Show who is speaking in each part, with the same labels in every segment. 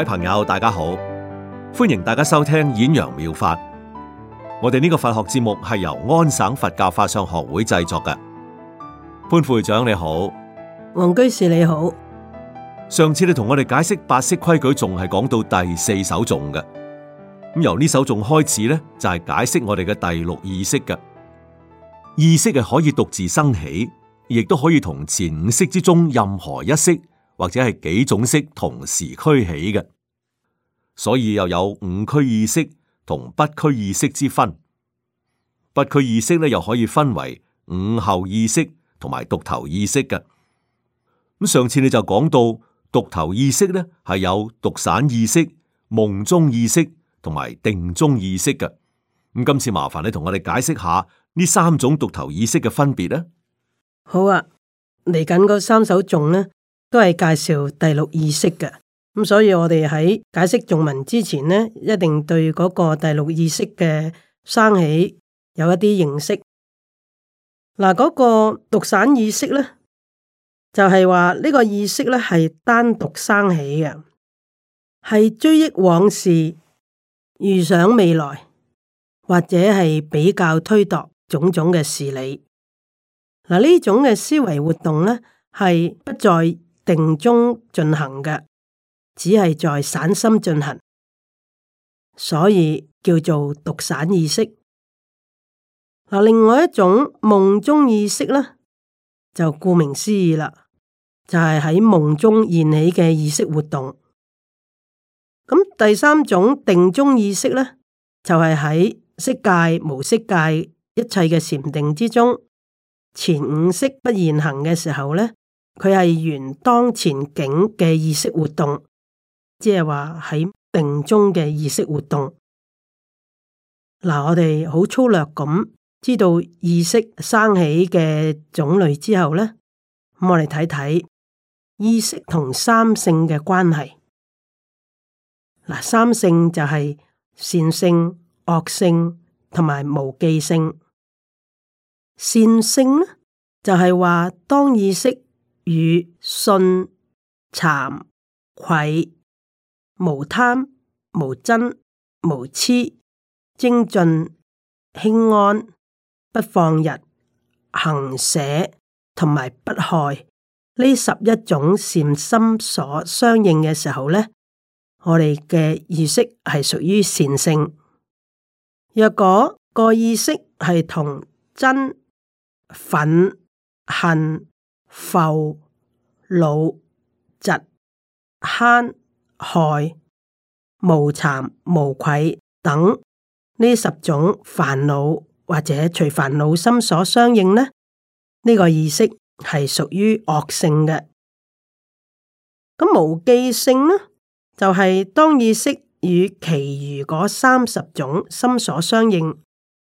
Speaker 1: 各位朋友，大家好，歡迎大家收聽《顯揚妙、妙法》。我哋呢個佛學節目係由安省佛教法相學會製作嘅。潘副會長你好，黃居士你好。上次你同我哋解釋八識規矩，仲係講到第四首頌嘅。咁由呢首頌開始咧，就係解釋我哋嘅第六意識嘅意識係可以獨自生起，亦都可以同前五識之中任何一識，或者係幾種識同時俱起嘅，所以又有五俱意識同不俱意識之分。不俱意識咧，又可以分為五後意識同埋獨頭意識嘅。咁上次你就講到獨頭意識咧，係有獨散意識、夢中意識同埋定中意識嘅。咁今次麻煩你同我哋解釋下呢三種獨頭意識嘅分別啦。
Speaker 2: 好啊，嚟緊嗰三首頌咧。都係介紹第六意識嘅，咁所以我哋喺解釋頌文之前呢，一定對嗰個第六意識嘅生起有一啲認識。嗱，嗰個獨散意識咧，就係話呢個意識咧係單獨生起嘅，係追憶往事、預想未來，或者係比較推度種種嘅事理。嗱，呢種嘅思維活動咧係不再定中進行嘅，只係在散心進行，所以叫做獨散意識。嗱，另外一種夢中意識咧，就顧名思義啦，就係、是、喺夢中現起嘅意識活動。咁第三種定中意識咧，就係、是、喺色界、無色界一切嘅禪定之中，前五識不現行嘅時候咧，佢係緣當前境嘅意識活動，即係話喺定中嘅意識活動。嗱，我哋好粗略咁知道意識生起嘅種類之後咧，咁我哋睇睇意識同三性嘅關係。嗱，三性就係善性、惡性同埋無記性。善性咧，就係話當意識。與信慚愧無貪無瞋無痴精進輕安不放逸、行捨同埋不害呢十一種善心所相應嘅時候咧，我哋嘅意識係屬於善性。若果個意識係同瞋忿恨，覆惱嫉、慳害無慚無愧等呢十種煩惱，或者隨煩惱心所相應呢？呢、呢個意識係屬於惡性嘅。咁無記性呢？就係、是、當意識與其餘嗰三十種心所相應，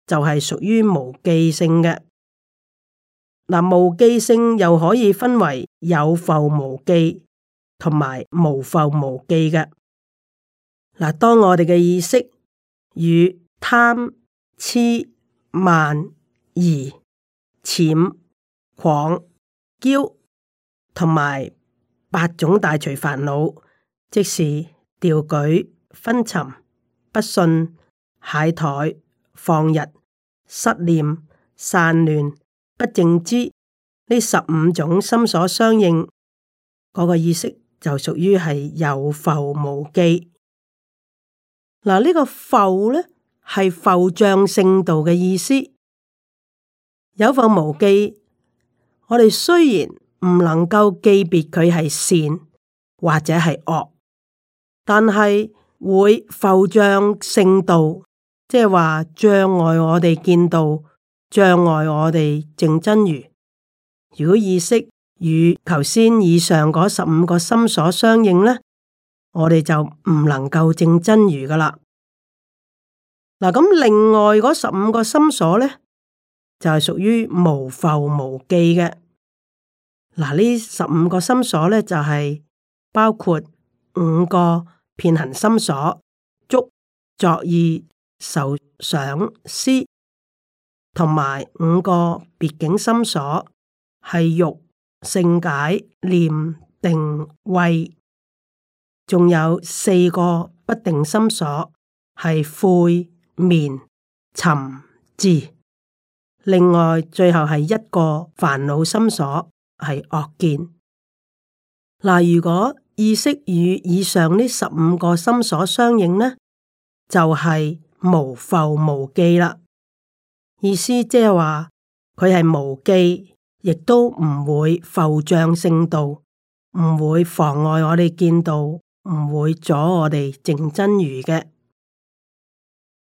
Speaker 2: 就係、是、屬於無記性嘅。嗱，無記性又可以分為有覆無記同埋無覆無記嘅。嗱，當我哋嘅意識與貪、癡、慢、疑、諂、誑、驕同埋八種大隨煩惱，即是掉舉、昏沉、不信、懈怠、放逸、失念、散亂。不正知呢十五種心所相應嗰個意識就屬於係有覆無記。嗱，呢個覆呢，係覆障聖道嘅意思。有覆無記，我哋雖然唔能夠記別佢係善或者係惡，但係會覆障聖道，即係話障礙我哋見到。障礙我哋正真如，如果意識與頭先以上嗰十五個心所相應呢，我哋就唔能夠正真如噶啦。嗱、啊，咁另外嗰十五個心所咧，就係、是、屬於無浮無忌嘅。嗱、啊，呢十五個心所咧，就係、是、包括五個偏行心所：足、作意、受、想、思。同埋五個別境心所係欲、勝解、念、定、慧；仲有四個不定心所係悔、眠、尋、伺。另外最後係一個煩惱心所係惡見。嗱，如果意識與以上呢十五個心所相應呢，就係、是、無覆無記啦。意思即係話佢係無記，亦都唔會浮障聖道，唔會妨礙我哋見道，唔會阻我哋證真如嘅。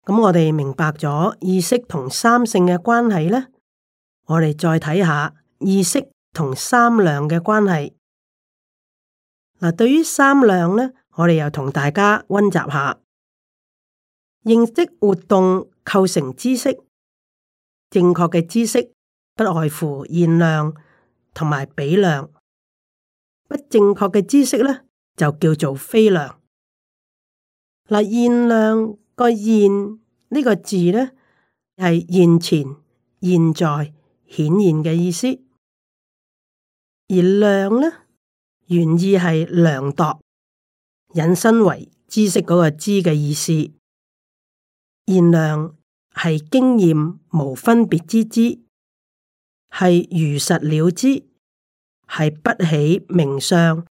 Speaker 2: 咁我哋明白咗意識同三性嘅關係呢，我哋再睇下意識同三量嘅關係。嗱，對於三量呢，我哋又同大家溫習下，認識活動構成知識。正確嘅知識不外乎現量同埋比量，不正確嘅知識呢，就叫做非量。嗱，現量個現呢，這個字呢，係現前、現在、顯現嘅意思，而量呢，原意係量度，引申為知識嗰個知嘅意思，現量。係經驗無分別之知，係如實了知，係不起名相，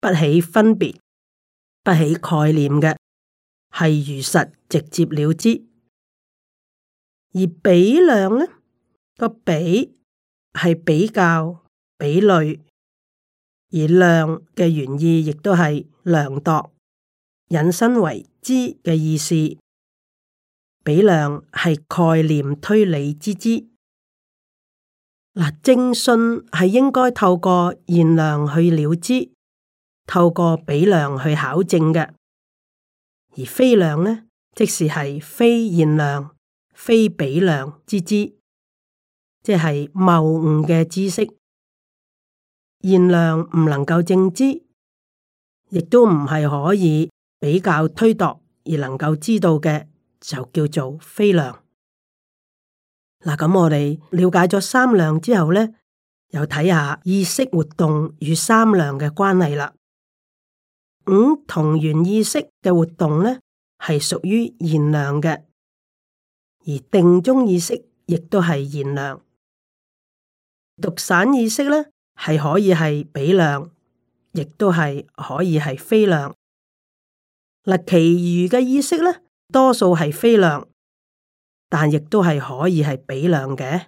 Speaker 2: 不起分別，不起概念嘅，係如實直接了知。而比量呢個比係比較、比類，而量嘅原意亦都係量度，引申為知嘅意思。比量係概念推理之知，嗱，正信係應該透過現量去了知，透過比量去考證嘅，而非量呢，即是係非現量、非比量之知，即係謬誤嘅知識。現量唔能夠正知，亦都唔係可以比較推度而能夠知道嘅。就叫做非量。嗱，咁我哋了解咗三量之後咧，又睇下意識活動與三量嘅關係啦。五同緣意識嘅活動咧，係屬於現量嘅；而定中意識亦都係現量。獨散意識咧，係可以係比量，亦都係可以係非量。嗱，其餘嘅意識咧。多數係非量，但亦都係可以係比量嘅。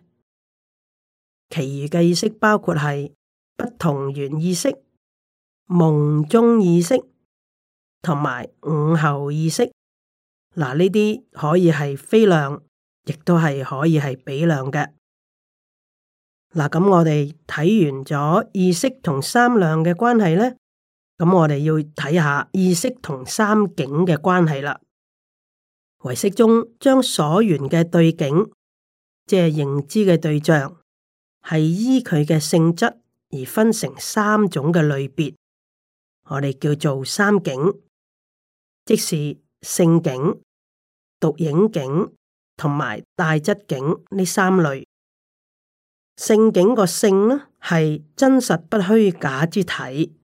Speaker 2: 其餘嘅意識包括係不同緣意識、夢中意識同埋五後意識。嗱，呢啲可以係非量，亦都係可以係比量嘅。嗱，咁我哋睇完咗意識同三量嘅關係咧，咁我哋要睇下意識同三境嘅關係啦。唯識中將所緣嘅對境，即係認知嘅對象，係依佢嘅性質而分成三種嘅類別，我哋叫做三境，即是性境、獨影境同埋大質境呢三類。性境個「性」呢，係真實不虛假之體，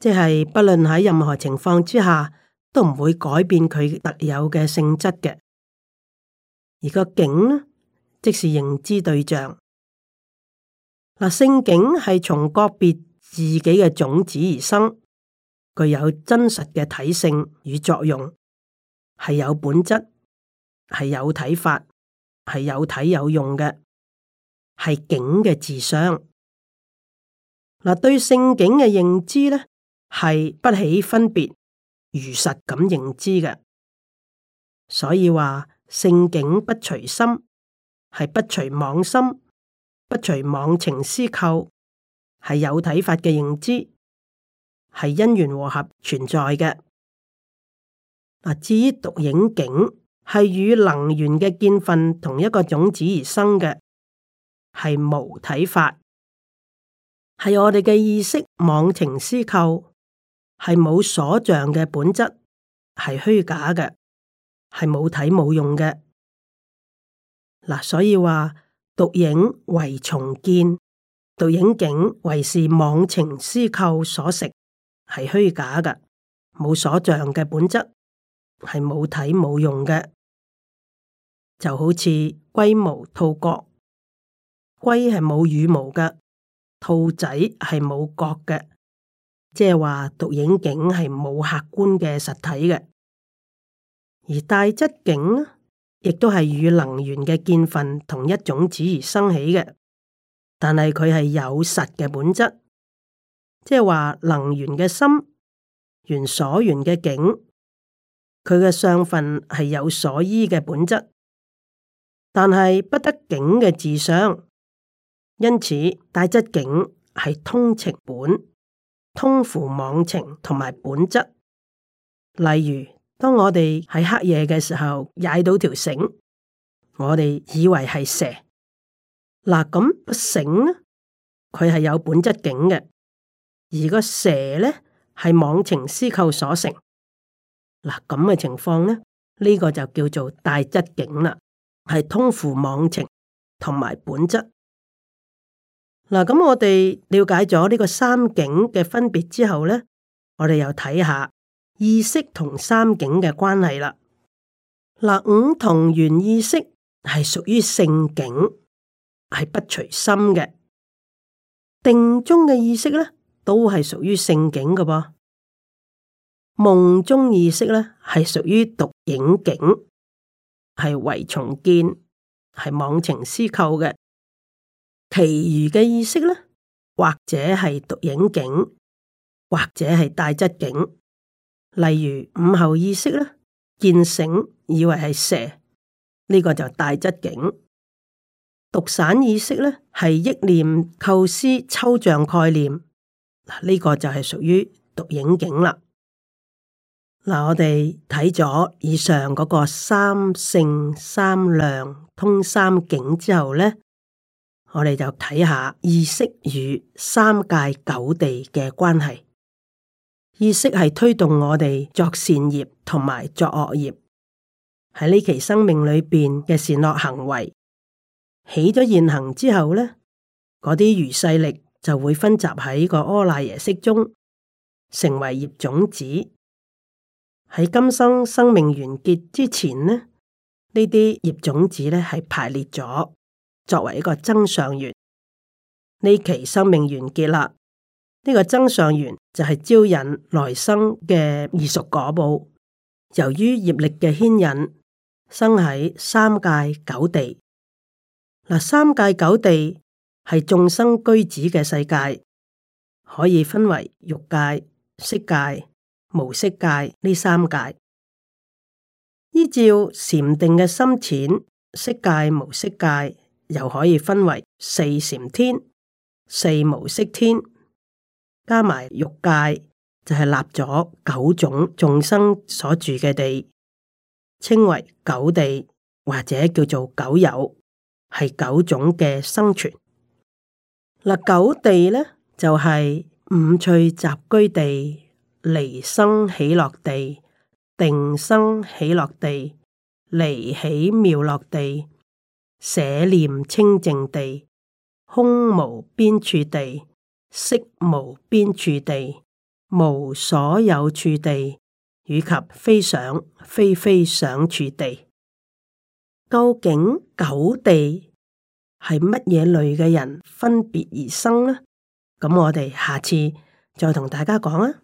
Speaker 2: 即係不論喺任何情況之下。都唔會改變佢特有嘅性質嘅，而個境呢，即是認知對象。嗱，性境係從個別自己嘅種子而生，具有真實嘅體性與作用，係有本質，係有體法，係有體有用嘅，係境嘅自相。嗱，對性境嘅認知呢，係不起分別。如實咁認知嘅，所以話性境不隨心，係不隨妄心，不隨妄情思構，係有體法嘅認知，係因緣和合存在嘅。嗱，至於獨影境，係與能緣嘅見分同一個種子而生嘅，係無體法，係我哋嘅意識妄情思構。係冇所像嘅本質，係虛假嘅，係冇體冇用嘅。嗱，所以話獨影為重見，獨影境為是妄情思構所成，係虛假嘅，冇所像嘅本質，係冇體冇用嘅。就好似龜毛兔角，龜係冇羽毛嘅，兔仔係冇角嘅。即係話獨影境係冇客觀嘅實體嘅，而帶質境亦都係與能緣嘅見分同一種子而生起嘅，但係佢係有實嘅本質，即係話能緣嘅心緣所緣嘅境，佢嘅相分係有所依嘅本質，但係不得境嘅自相，因此帶質境係通情本。通乎妄情同埋本質，例如，當我哋喺黑夜嘅時候踩到條繩，我哋以為係蛇。嗱咁個繩呢，佢係有本質境嘅；而個蛇呢，係妄情思構所成。嗱咁嘅情況呢，呢、這個就叫做帶質境啦，係通乎妄情同埋本質。嗱，咁我哋了解咗呢個三境嘅分別之後咧，我哋又睇下意識同三境嘅關係啦。嗱，五同緣意識係屬於性境，係不隨心嘅；定中嘅意識咧，都係屬於性境嘅噃。夢中意識咧，係屬於獨影境，係唯從見，係妄情思構嘅。其餘嘅意識呢，或者係獨影境，或者係大質境，例如午後意識呢，見繩以為係蛇，呢、這個就大質境。獨散意識呢，係憶念構思抽象概念，嗱、這、呢個就係屬於獨影境 ant、這個、啦。嗱，我哋睇咗以上嗰個三性三量通三境之後呢。我哋就睇下意識與三界九地嘅關係。意識係推動我哋作善業同埋作惡業，喺呢期生命裏邊嘅善惡行為起咗現行之後呢，嗰啲餘勢力就會分集喺個阿賴耶識中，成為業種子。喺今生生命完結之前呢，呢啲業種子咧係排列咗，作為一個增上緣，呢期生命完結啦。呢、這個增上緣就係招引來生嘅異熟果報。由於業力嘅牽引，生喺三界九地。嗱，三界九地係眾生居止嘅世界，可以分為欲界、色界、無色界呢三界。依照禪定嘅深淺，色界、無色界。又可以分為四禪天、四無色天，加埋欲界，就係、是、立咗九種眾生所住嘅地，稱為九地，或者叫做九有，係九種嘅生存。嗱，九地咧就係、是、五趣集居地、離生喜樂地、定生喜樂地、離喜妙樂地。捨念清淨地，空無邊處地，色無邊處地，無所有處地，以及非想非非想處地，究竟九地係乜嘢類嘅人分別而生呢？咁我哋下次再同大家講啊。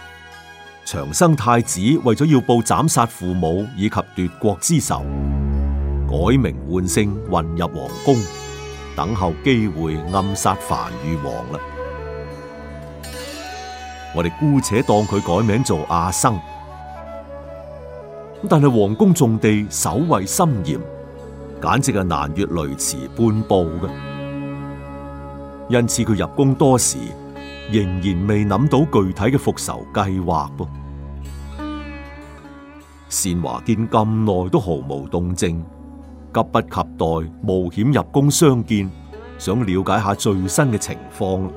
Speaker 1: 長生太子為咗要報斬殺父母以及奪國之仇，改名換姓混入皇宮，等候機會暗殺梵豫王啦。我哋姑且當佢改名做阿生，咁但係皇宮重地，守衛森嚴，簡直係難越雷池半步嘅。因此佢入宮多時。仍然未諗到具體嘅復仇計劃噃。善華見咁耐都毫無動靜，急不及待冒險入宮相見，想了解下最新嘅情況。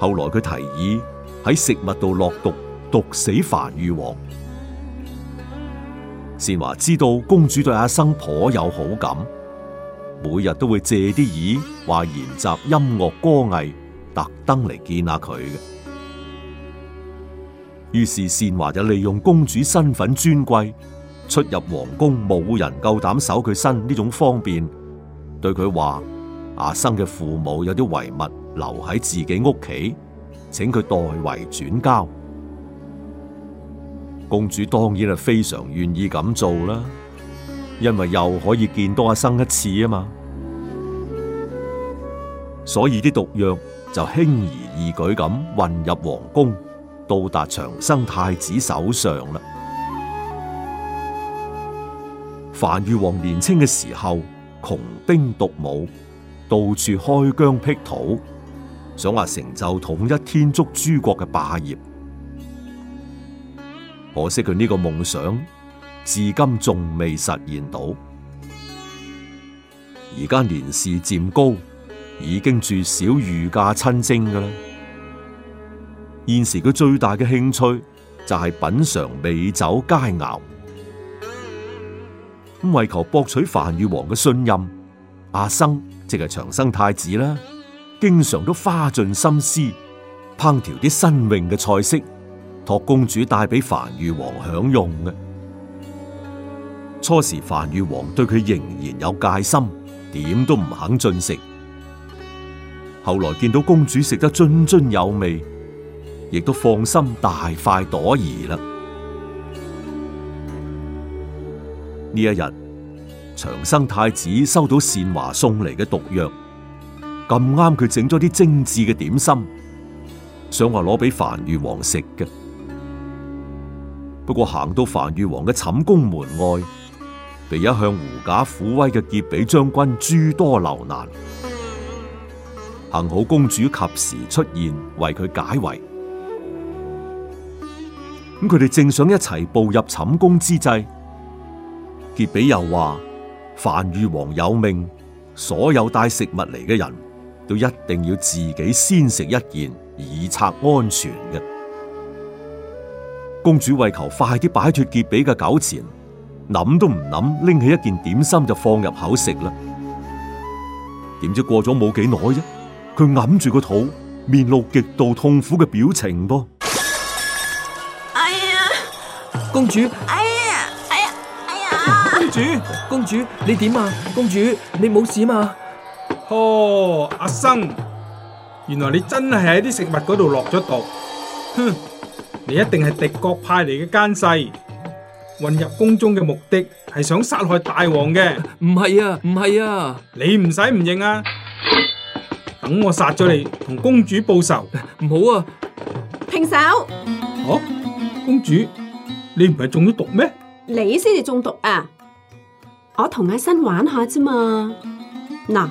Speaker 1: 後來佢提議喺食物度落毒，毒死梵豫王。善華知道公主對阿生頗有好感。每日都會借啲耳話研習音樂歌藝，特登嚟見下佢嘅。於是善華就利用公主身份尊貴，出入皇宮，冇人夠膽守佢身呢種方便，對佢話：阿生嘅父母有啲遺物留喺自己屋企，請佢代為轉交。公主當然係非常願意咁做啦。因為又可以見多阿生一次啊嘛，所以啲毒藥就輕而易舉咁混入皇宮，到達長生太子手上啦。梵豫王年青嘅時候，窮兵黷武，到處開疆辟土，想話成就統一天竺諸國嘅霸業。可惜佢呢個夢想至今仲未實現到，而家年事漸高，已經住少御駕親征噶啦。現時佢最大嘅興趣就係品嚐美酒佳肴。咁為求博取樊玉王嘅信任，阿生即係長生太子啦，經常都花盡心思烹調啲新穎嘅菜式，託公主帶俾樊玉王享用嘅。初時，樊宇王對佢仍然有戒心，點都唔肯進食。後來見到公主食得津津有味，亦都放心大快朵頤啦。呢一日，長生太子收到善華送嚟嘅毒藥，咁啱佢整咗啲精緻嘅點心，想話攞俾樊宇王食嘅。不過行到樊宇王嘅寢宮門外，被一向狐假虎威嘅傑比將軍諸多留難，幸好公主及時出現為佢解圍。咁佢哋正想一齊步入寢宮之際，傑比又話：梵豫王有命，所有帶食物嚟嘅人都一定要自己先食一件，以策安全嘅。公主為求快啲擺脫傑比嘅糾纏。諗都唔諗，拎起一件點心就放入口食啦。點知過咗冇幾耐啫，佢揞住個肚，面露極度痛苦嘅表情噃。哎呀，公
Speaker 3: 主！哎呀，哎呀，哎呀！公主，公主，你點啊？公主，
Speaker 1: 你冇事嘛？哦，阿生，原來你真係喺啲食物嗰度落咗毒。哼，你一定係敵國派嚟嘅奸細。混入宮中嘅目的係想殺害大王嘅。唔係啊，唔係啊，你唔使唔認啊，等我殺咗你同公主報仇。唔好啊，
Speaker 3: 停手！
Speaker 1: 啊，公主，你唔係中咗毒咩？
Speaker 3: 你先至中毒啊，我同阿新玩下啫嘛。嗱，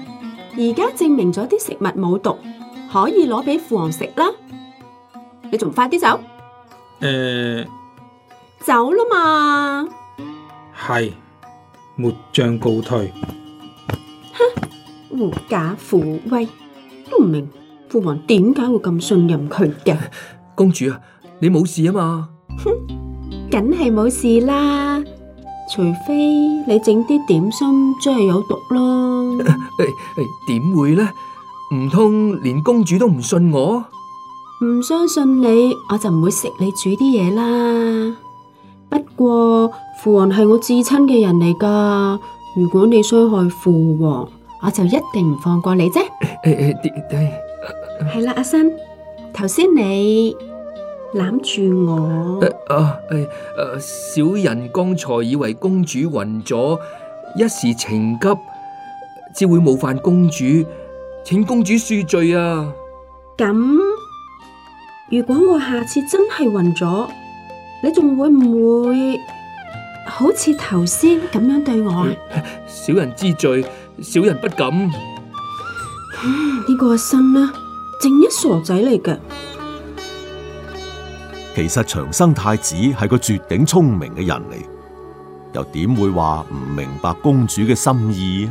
Speaker 3: 而家證明咗啲食物冇毒，可以攞俾父王食啦，你仲唔快啲走？誒。走啦嘛，
Speaker 2: 係末將告退。
Speaker 3: 哼，狐假虎威都唔明父王點解會咁信任佢嘅。公主啊，你冇事啊嘛？哼，梗係冇事啦，除非你整啲點心真係有毒囉。誒誒，點會呢？唔通連公主都唔信我？唔相信你，我就唔會食你煮啲嘢啦。不過父王係我至親嘅人嚟㗎，如果你傷害父王，我就一定唔放過你啫。係啦，哎哎哎哎哎，阿新，頭先你攬住我，啊，哎哎哎哎，小人剛才以為公主暈咗，一時情急，只會冒犯公主，請公主恕罪啊。咁如果我下次真係暈咗？你仲會唔會好似頭先咁樣對我？嗯、
Speaker 1: 小人知罪，小人不敢。
Speaker 3: 呢、嗯這個阿新啊，正一傻仔嚟嘅。
Speaker 1: 其實長生太子係個絕頂聰明嘅人嚟，又點會話唔明白公主嘅心意啊？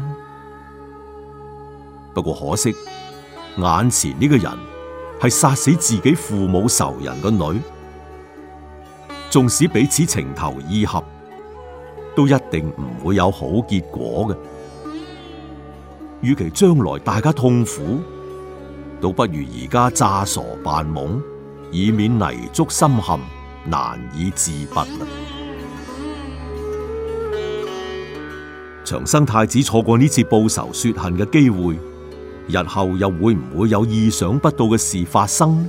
Speaker 1: 不過可惜，眼前呢個人係殺死自己父母仇人嘅女。縱使彼此情投意合，都一定唔會有好結果嘅。與其將來大家痛苦，倒不如而家詐傻扮懵，以免泥足深陷，難以自拔。長生太子錯過呢次報仇雪恨嘅機會，日後又會唔會有意想不到嘅事發生？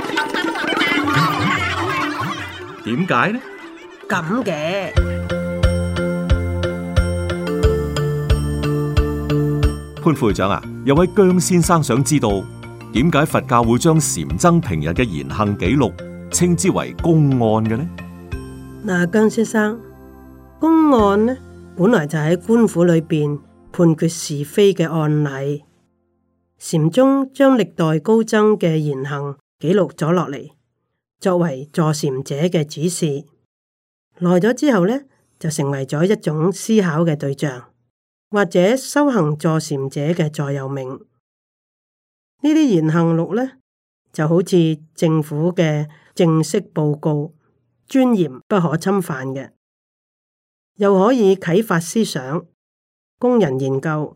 Speaker 1: 點解呢？
Speaker 2: 咁嘅
Speaker 1: 潘會長啊，有位姜先生想知道點解佛教會將禪僧平日嘅言行記錄稱之為公案嘅呢？
Speaker 2: 嗱，姜先生，公案呢，本來就喺官府裏邊判決是非嘅案例，禪宗將歷代高僧嘅言行記錄咗落嚟。作為助禪者嘅指示，來咗之後咧，就成為咗一種思考嘅對象，或者修行助禪者嘅座右銘。呢啲言行錄咧，就好似政府嘅正式報告，尊嚴不可侵犯嘅，又可以啟發思想，供人研究，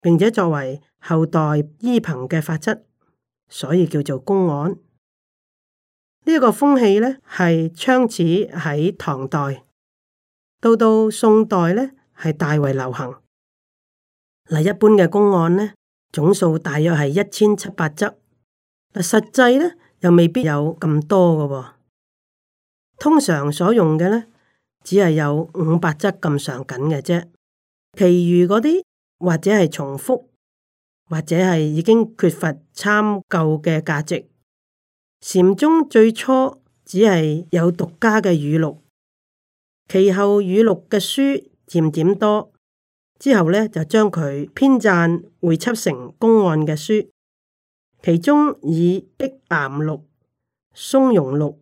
Speaker 2: 並且作為後代依憑嘅法則，所以叫做公案。呢一個風氣咧，係開始喺唐代，到到宋代呢，係大為流行。嗱，一般嘅公案呢，總數大約係一千七百則，嗱，實際呢，又未必有咁多嘅喎、哦。通常所用嘅呢，只係有五百則咁上緊嘅啫，其餘嗰啲或者係重複，或者係已經缺乏參究嘅價值。禪宗最初只係有獨家嘅語錄，其後語錄嘅書漸漸多，之後呢，就將佢編撰匯輯成公案嘅書，其中以碧岩錄、松茸錄、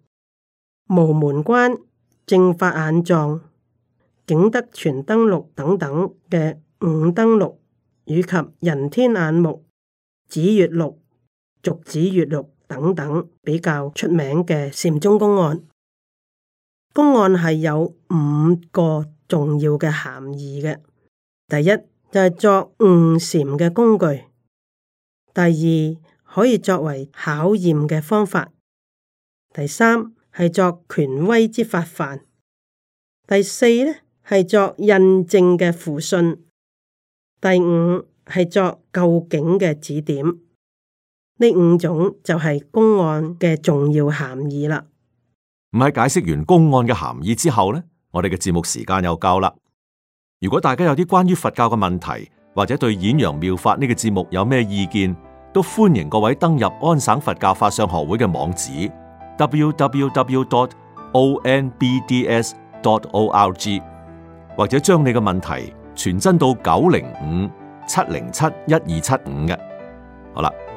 Speaker 2: 無門關、正法眼藏、景德傳燈錄等等嘅五燈錄，以及人天眼目、指月錄、續指月錄。等等比較出名嘅禪宗公案，公案係有五個重要嘅含義嘅。第一就係、是、作悟禪嘅工具；第二可以作為考驗嘅方法；第三係作權威之法範；第四呢係作印證嘅符信；第五係作究竟嘅指點。呢五種就係公案嘅重要含義啦。
Speaker 1: 咁喺解釋完公案嘅含義之後呢，我哋嘅節目時間又夠啦。如果大家有啲關於佛教嘅問題，或者對《演揚妙法》呢、這個節目有咩意見，都歡迎各位登入安省佛教法相學會嘅網址 w w w. dot o n b d s. dot o r g，或者將你嘅問題傳真到九零五七零七一二七五嘅。好啦。